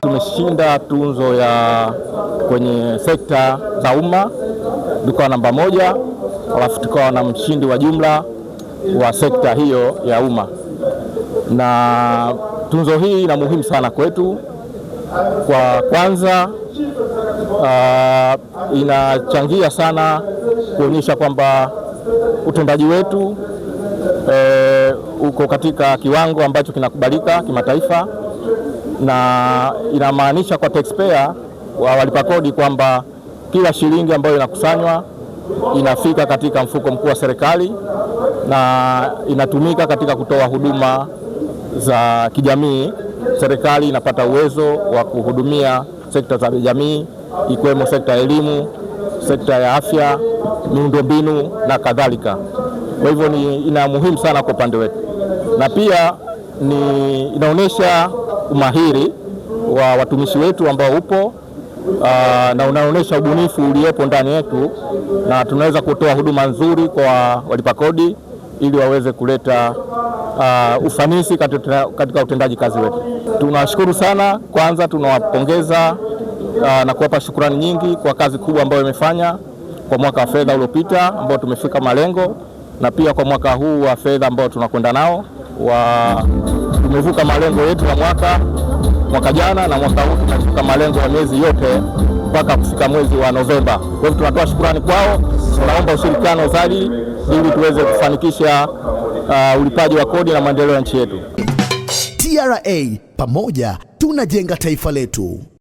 Tumeshinda tunzo ya kwenye sekta za umma tukawa namba moja, alafu tukawa na mshindi wa jumla wa sekta hiyo ya umma, na tunzo hii ina muhimu sana kwetu. Kwa kwanza, uh, inachangia sana kuonyesha kwamba utendaji wetu uh, uko katika kiwango ambacho kinakubalika kimataifa, na inamaanisha kwa taxpayer wa walipa kodi kwamba kila shilingi ambayo inakusanywa inafika katika mfuko mkuu wa serikali na inatumika katika kutoa huduma za kijamii, serikali inapata uwezo wa kuhudumia sekta za jamii ikiwemo sekta ya elimu, sekta ya afya, miundombinu na kadhalika. Kwa hivyo ni ina muhimu sana kwa upande wetu, na pia ni inaonyesha umahiri wa watumishi wetu ambao upo aa, na unaonyesha ubunifu uliopo ndani yetu, na tunaweza kutoa huduma nzuri kwa walipa kodi ili waweze kuleta uh, ufanisi katika, katika utendaji kazi wetu. Tunawashukuru sana, kwanza tunawapongeza uh, na kuwapa shukrani nyingi kwa kazi kubwa ambayo imefanya kwa mwaka wa fedha uliopita ambao tumefika malengo na pia kwa mwaka huu wa fedha ambao tunakwenda nao wa tumevuka malengo yetu ya mwaka mwaka jana na mwaka huu tumevuka malengo ya miezi yote mpaka kufika mwezi wa Novemba. Kwa hivyo tunatoa shukrani kwao, tunaomba ushirikiano zaidi ili tuweze kufanikisha uh, ulipaji wa kodi na maendeleo ya nchi yetu. TRA pamoja tunajenga taifa letu.